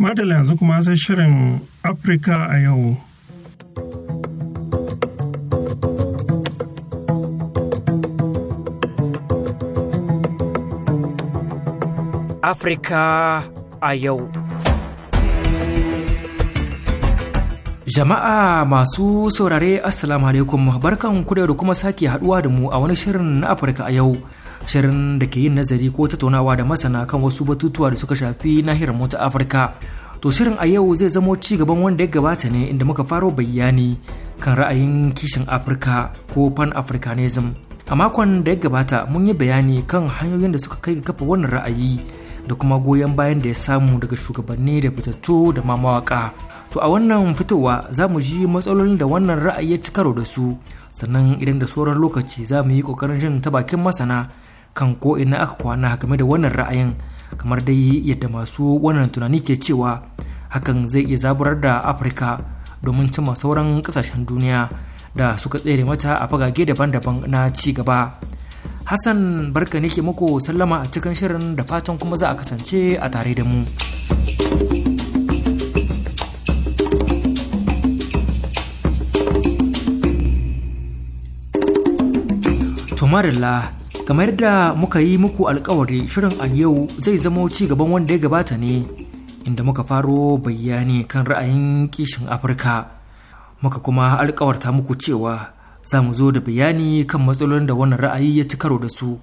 Madalla yanzu kuma sai shirin Afirka a yau. Afirka a yau. Jama'a masu saurare Assalamu alaikum barkan ku da kuma sake haduwa da mu a wani shirin na Afirka a yau. Shirin da ke yin nazari ko tattaunawa da masana kan wasu batutuwa da suka shafi nahiyar mota Afirka. To shirin a yau zai zamo ci gaban wanda ya gabata ne inda muka faro bayani kan ra'ayin kishin Afirka ko Pan-Africanism. A makon da ya gabata mun yi bayani kan hanyoyin da suka kai kafa wannan ra'ayi da kuma goyon bayan da ya samu daga shugabanni da fitattu da ma mawaka to a wannan fitowa za mu ji matsalolin da wannan ra'ayi ya ci karo da su sannan idan da sauran lokaci za mu yi kokarin jin ta bakin masana kan ko ina aka kwana game da wannan ra'ayin kamar dai yadda masu wannan tunani ke cewa hakan zai iya zaburar da afirka domin cimma sauran ƙasashen duniya da suka tsere mata a fagage daban-daban na ci gaba Hassan barka ne ke muku sallama a cikin shirin da fatan kuma za a kasance a tare da mu. Tumarilla kamar da muka yi muku alkawari shirin a yau zai zamo ci gaban wanda ya gabata ne inda muka faro bayani kan ra'ayin kishin Afirka. Muka kuma alkawarta muku cewa za mu zo da bayani kan matsalolin da wannan ra'ayi ya ci karo da su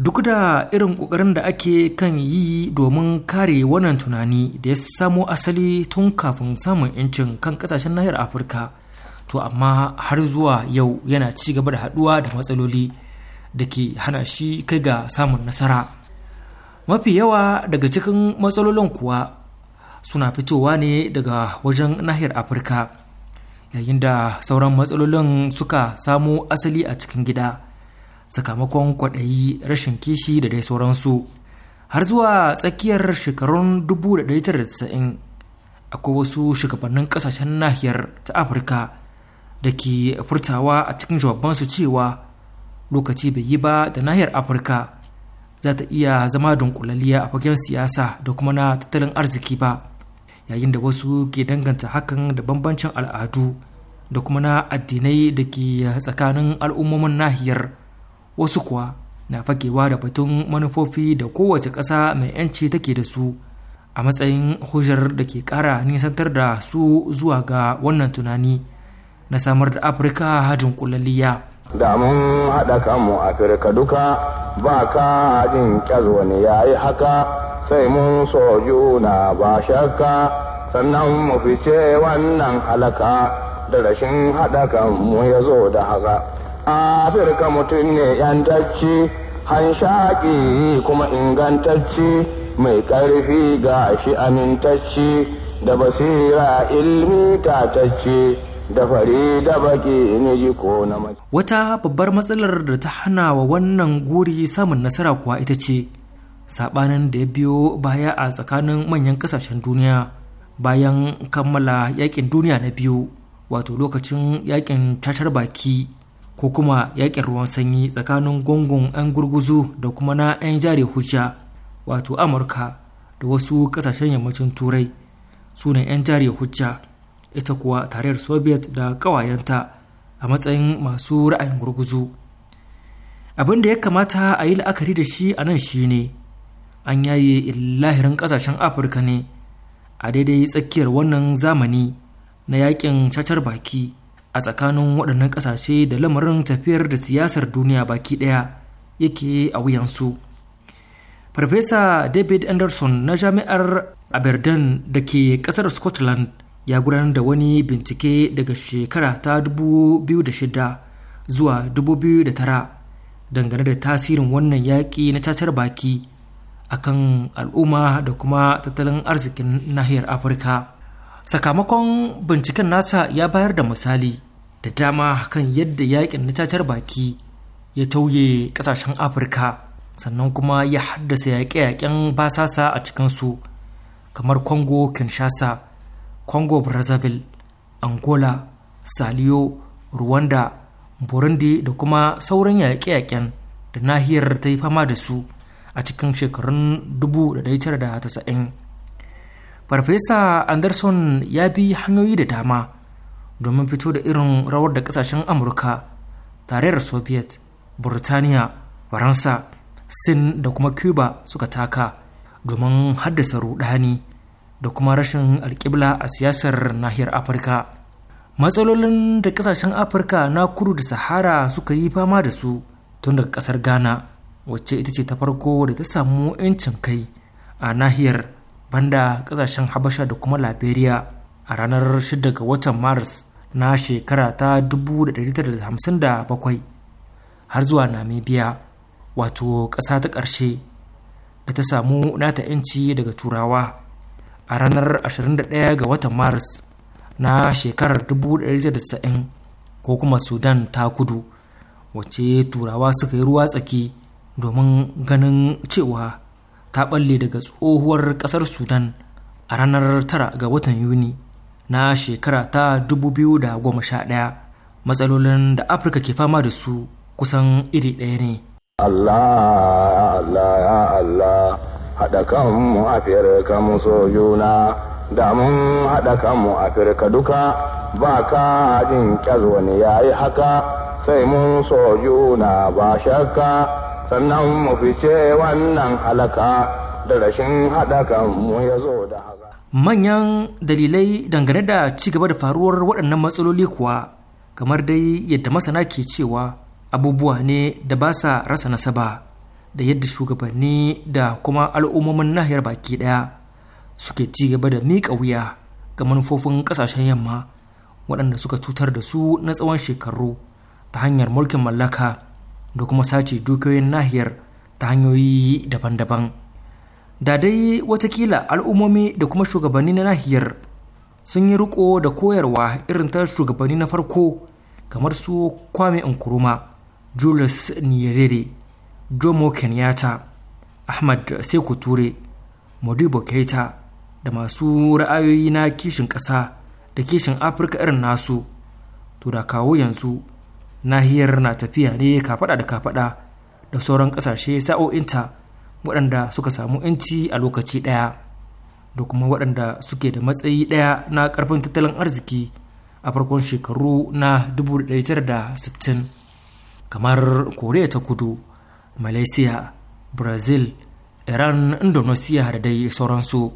duk da irin ƙoƙarin da ake kan yi domin kare wannan tunani da ya samo asali tun kafin samun 'yancin kan ƙasashen nahiyar afirka to amma har zuwa yau yana ci gaba da haɗuwa da matsaloli da ke hana shi kai ga samun nasara mafi yawa daga cikin matsalolin kuwa suna fitowa ne daga wajen nahiyar afirka yayin da sauran matsalolin suka samo asali a cikin gida sakamakon kwaɗayi rashin kishi da dai sauransu har zuwa tsakiyar shekarun 1990 akwai wasu shugabannin ƙasashen nahiyar ta afirka da ke furtawa a cikin jawabansu cewa lokaci bai yi ba da nahiyar afirka za ta iya zama dunkulaliya a fagen siyasa da kuma na tattalin arziki ba yayin da wasu ke danganta hakan da bambancin al'adu da kuma na addinai da ke tsakanin al'ummomin nahiyar wasu kuwa na fakewa da batun manufofi da kowace ƙasa mai 'yanci take da su a matsayin hujjar da ke ƙara nisantar da su zuwa ga wannan tunani na samar da afirka hajjin kulaliya da mun haɗa kanmu afirka duka ba ka jin wani ya yi haka sai mun so juna ba shakka sannan mu fice wannan halaka da rashin haɗakan mu ya zo da haka afirka mutum ne yantacci hanshaƙi kuma ingantacci mai ƙarfi ga shi amintacci da basira ilmi tatacci da fari da baki ne ji ko na mace. Wata babbar matsalar da ta hana wa wannan guri samun nasara kuwa ita ce sabanin da ya biyo baya a tsakanin manyan kasashen duniya bayan kammala yakin duniya na biyu wato lokacin yakin tatar baki ko kuma yakin ruwan sanyi tsakanin gungun 'yan gurguzu da kuma na 'yan jari hujja wato amurka da wasu kasashen yammacin turai sunan 'yan jari hujja ita kuwa tarayyar soviet da kawayenta a matsayin masu ra'ayin gurguzu abin da ya kamata a yi la'akari da shi a nan shine an yaye lahirin ƙasashen afirka ne a daidai tsakiyar wannan zamani na yakin cacar baki a tsakanin waɗannan ƙasashe da lamarin tafiyar da siyasar duniya baki ɗaya yake a wuyansu farfesa david anderson na jami'ar aberdeen da ke ƙasar scotland ya gudanar da wani bincike daga shekara ta 2006 zuwa 2009 dangane da tasirin wannan yaƙi na cacar baki akan al'umma da kuma tattalin arzikin nahiyar afirka sakamakon binciken nasa ya bayar da misali da dama kan yadda yakin na cacar baki ya tauye kasashen afirka sannan kuma ya haddasa yaƙe-yaƙen basasa a cikinsu kamar congo kinshasa congo brazzaville angola saliyo rwanda burundi da kuma sauran yaƙe-yaƙen da nahiyar ta yi fama da su a cikin shekarun 1990 farfesa anderson ya bi hanyoyi da dama domin fito da irin rawar da kasashen amurka tarayyar soviet burtaniya faransa sin da kuma cuba suka taka domin haddasa rudani da kuma rashin alkibla a siyasar nahiyar afirka matsalolin da kasashen afirka na kudu da sahara suka yi fama da su tun daga kasar ghana wacce ita ce ta farko da ta samu 'yancin kai a nahiyar banda kasashen habasha da kuma liberia a ranar 6 ga watan maris na shekara ta 1957 har zuwa namibia wato ƙasa ta ƙarshe da ta samu nata 'yanci daga turawa a ranar 21 ga watan maris na shekarar 1990 ko kuma sudan ta kudu wacce turawa suka yi ruwa tsaki domin ganin cewa ta balle daga tsohuwar ƙasar sudan a ranar tara ga watan yuni na shekara ta 2011 matsalolin da afirka ke fama da su kusan iri ɗaya ne Allah Allah Allah haɗa kanmu afirka mu da mun haɗa kanmu afirka duka ba ka jin wani ya yi haka sai mun so juna ba shakka sannan mu fice wannan halaka da rashin haɗa mu ya zo da haka. Manyan dalilai dangane da ci gaba da faruwar waɗannan matsaloli kuwa kamar dai yadda masana ke cewa abubuwa ne da ba sa rasa nasaba da yadda shugabanni da kuma al'ummomin nahiyar baki ɗaya suke ci gaba da miƙa wuya ga manufofin ƙasashen yamma waɗanda suka cutar da su na tsawon shekaru ta hanyar mulkin mallaka da kuma sace dukiyoyin nahiyar ta hanyoyi daban-daban da dai watakila al'ummomi da kuma shugabanni na nahiyar sun yi riko da koyarwa irin ta shugabanni na farko kamar su kwame nkuruma julius nyerere jomo kenyatta ahmad sekou ture modibo keita da masu ra'ayoyi na kishin ƙasa da kishin afirka irin nasu to da kawo yanzu nahiyar na tafiya ne kafada da kafada da sauran kasashe sa'o'inta waɗanda suka samu inci a lokaci ɗaya da kuma waɗanda suke da matsayi ɗaya na ƙarfin tattalin arziki a farkon shekaru na 1960 kamar koriya ta kudu malaysia brazil iran indonesia da dai sauransu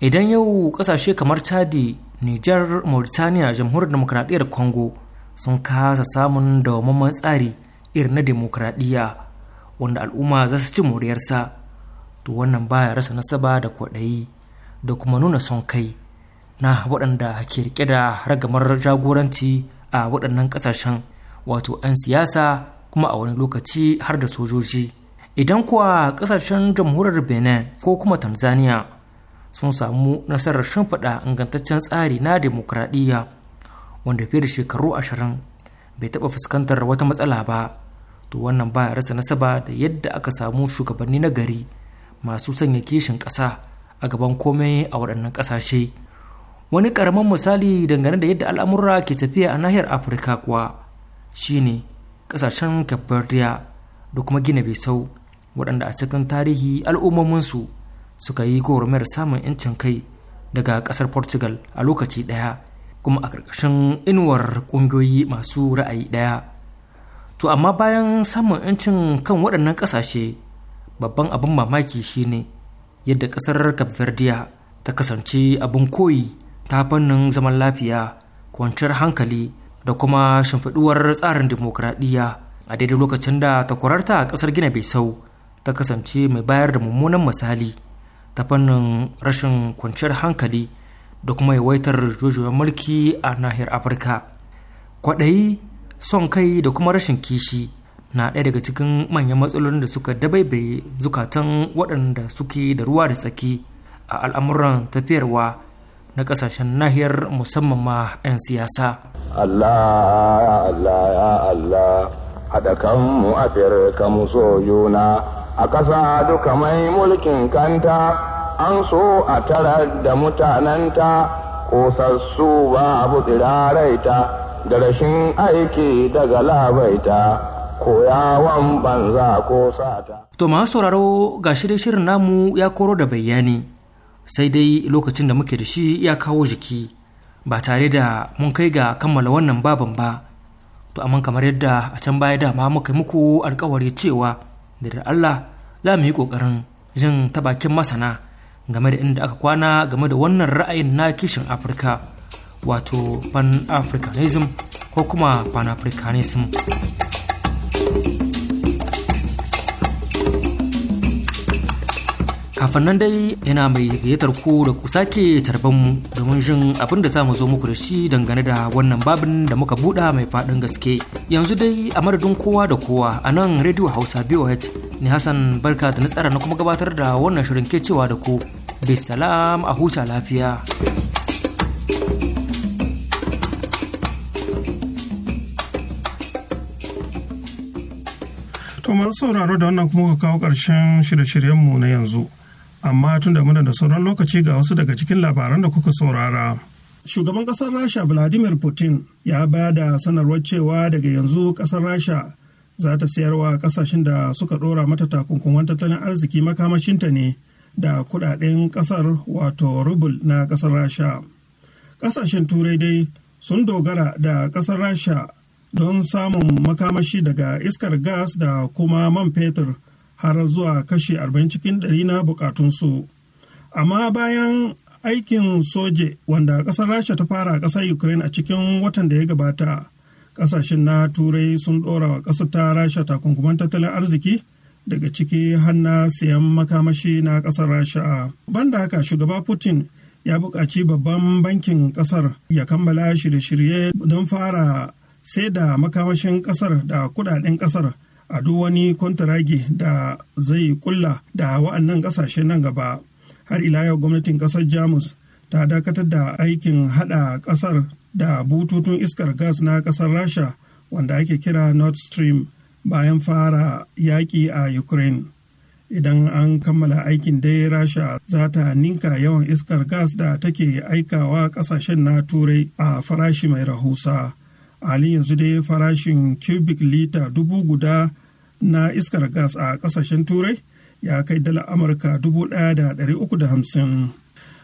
idan yau ƙasashe kamar chadi nijar mauritania jamhuriyar demokradiyyar congo sun kasa samun dawamamman tsari irin na demokradiyya wanda al'umma za su ci moriyarsa to wannan baya rasa nasaba da kwaɗayi da kuma nuna son kai na waɗanda ke rike da ragamar jagoranci a waɗannan ƙasashen wato 'yan siyasa kuma a wani lokaci har da sojoji idan kuwa ƙasashen jamhuriyar benin ko kuma tanzania sun samu nasarar shimfiɗa ingantaccen tsari na demokradiyya wanda fiye da shekaru ashirin bai taɓa fuskantar wata matsala ba to wannan ba rasa nasaba da yadda aka samu shugabanni na gari masu sanya kishin ƙasa a gaban komai a waɗannan ƙasashe wani ƙaramin misali dangane da yadda al'amura ke tafiya a nahiyar afirka kuwa shine ƙasashen kabardiya da kuma gina bisau waɗanda a cikin tarihi al'ummominsu suka yi gwagwarmayar samun 'yancin kai daga ƙasar portugal a lokaci ɗaya kuma a ƙarƙashin inuwar ƙungiyoyi masu ra'ayi ɗaya to amma bayan samun 'yancin kan waɗannan ƙasashe babban abin mamaki shine yadda ƙasar capverdia ta kasance abin koyi ta fannin zaman lafiya kwanciyar hankali da kuma shimfiduwar tsarin dimokuraɗiyya a daidai lokacin da ta takwararta a ƙasar gina bisau ta kasance mai bayar da mummunan misali ta fannin rashin kwanciyar hankali da kuma yawaitar jujuyar mulki a nahiyar afirka kwaɗayi son kai da kuma rashin kishi na ɗaya daga cikin manyan matsalolin da suka dabaibaye zukatan waɗanda suke da ruwa da tsaki a al'amuran tafiyarwa na ƙasashen nahiyar musamman ma 'yan siyasa Allah ya Allah ya Allah haɗa afirka mu so yuna a ƙasa duka mai mulkin kanta an so a tarar da mutanenta kosassu babu tsiraraita da rashin aiki daga labaita. koyawan banza ko sata. To masu sauraro ga shirin shirin namu ya koro da bayani sai dai lokacin da muke da shi ya kawo jiki ba tare da mun kai ga kammala wannan baban ba. To amma kamar yadda a can baya dama muka muku alkawari cewa da Allah za mu yi ƙoƙarin jin ta bakin masana game da inda aka kwana game da wannan ra'ayin na kishin afirka wato pan-africanism ko kuma pan-africanism kafin nan dai yana mai gayyatar ku da ku sake tarban mu domin jin abin da mu zo muku da shi dangane da wannan babin da muka buɗa mai faɗin gaske yanzu dai a madadin kowa da kowa a nan rediyo hausa voh ne hassan barka da nasara na kuma gabatar da wannan shirin ke cewa da ku bisalam a huta lafiya To masu sauraro da wannan kuma ka kawo ƙarshen shirye-shiryenmu na yanzu. amma tun da muna da sauran lokaci ga wasu daga cikin labaran da kuka saurara. Shugaban ƙasar Rasha Vladimir Putin ya ba da sanarwar cewa daga yanzu ƙasar Rasha za ta sayarwa ƙasashen da suka ɗora mata takunkuman tattalin arziki makamashinta ne da kuɗaɗen ƙasar wato rubul na ƙasar Rasha. Ƙasashen Turai dai sun dogara da ƙasar Rasha don samun makamashi daga iskar gas da kuma man fetur har zuwa kashe 40 cikin ɗari na bukatunsu amma bayan aikin soje wanda ƙasar rasha ta fara ƙasar ukraine a cikin watan da ya gabata ƙasashen na turai sun ɗora wa ƙasar ta rasha takunkuman tattalin arziki daga ciki hanna siyan makamashi na ƙasar rasha banda haka shugaba putin ya buƙaci babban bankin ƙasar ya kammala shirye-shirye don fara sai da makamashin ƙasar da kudaden ƙasar a duk wani kontarage da zai kulla da wa'annan kasashe nan gaba har ila yau gwamnatin kasar jamus ta dakatar da aikin hada kasar da bututun iskar gas na kasar rasha wanda ake kira north stream bayan fara yaƙi a ukraine idan an kammala aikin dai rasha za ta ninka yawan iskar gas da take aikawa kasashen na turai a farashi mai rahusa Ali yanzu dai farashin cubic lita dubu guda na iskar gas a kasashen turai ya kai dala amurka dubu ɗaya da ɗari uku da hamsin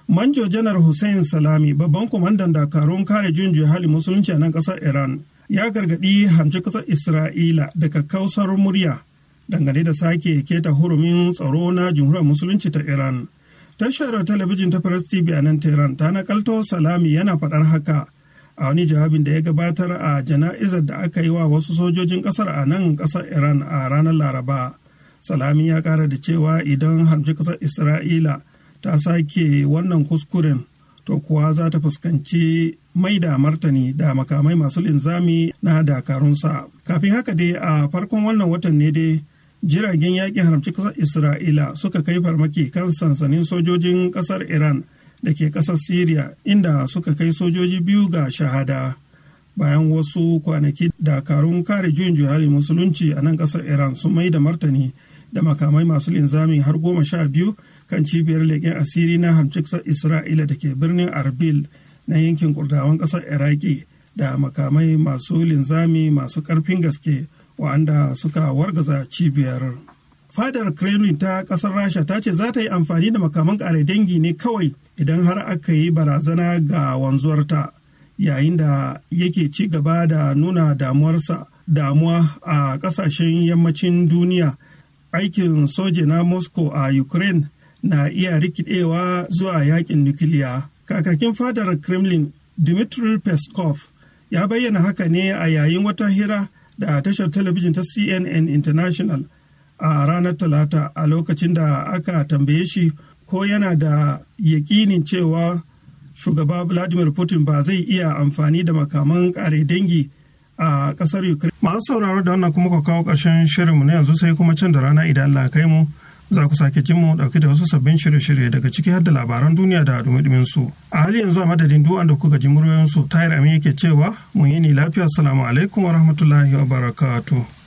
manjo janar hussein salami babban kwamandan dakarun kare junju hali musulunci a nan ƙasar iran ya gargadi hamci kasar isra'ila daga kausar murya dangane da sake keta hurumin tsaro na jamhuriyar musulunci ta iran tashar talabijin ta press tv a nan Iran ta nakalto salami yana faɗar haka a wani jawabin da ya gabatar a jana'izar da aka yi wa wasu sojojin kasar a nan kasar iran a ranar laraba salami ya kara da cewa idan harbi kasar isra'ila ta sake wannan kuskuren to kuwa za ta fuskanci mai da martani da makamai masu linzami na dakarunsa kafin haka dai a farkon wannan watan ne dai jiragen yakin haramci kasar isra'ila suka kai farmaki kan sansanin sojojin kasar iran da ke ƙasar Siriya inda suka kai sojoji biyu ga shahada bayan wasu kwanaki dakarun kare juyin juhari musulunci a nan ƙasar Iran sun mai da martani da makamai masu linzami har goma sha biyu kan cibiyar leƙen asiri na hamciksar Isra'ila da ke birnin Arbil na yankin kurdawan ƙasar Iraki da makamai masu linzami masu ƙarfin gaske wa'anda suka wargaza cibiyar. Fadar Kremlin ta ƙasar Rasha ta ce za ta yi amfani da makaman ƙare dangi ne kawai idan har aka yi barazana ga wanzuwarta yayin da yake ci gaba da nuna damuwarsa damuwa a kasashen yammacin duniya aikin soja na moscow a ukraine na iya rikidewa zuwa yakin nukiliya kakakin fadar kremlin dmitry peskov ya bayyana haka ne a yayin wata hira da tashar talabijin ta cnn international a ranar talata a lokacin da aka tambaye shi ko yana da yakinin cewa shugaba vladimir putin ba zai iya amfani da makaman kare dangi a kasar ukraine masu sauraro da wannan kuma ka kawo karshen shirinmu na yanzu sai kuma can da rana idan allah kai mu za ku sake jin mu dauke da wasu sabbin shirye-shirye daga ciki har da labaran duniya da dumidumin su a hali yanzu a madadin duwan da kuka ji muryoyin su tayar amin yake cewa mun yi ni lafiya salamu alaikum wa rahmatullahi wa barakatuh